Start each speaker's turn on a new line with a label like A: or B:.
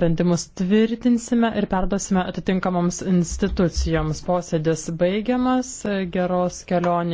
A: sprendimus tvirtinsime ir perduosime atitinkamoms institucijoms. Posėdis baigiamas, geros kelionės.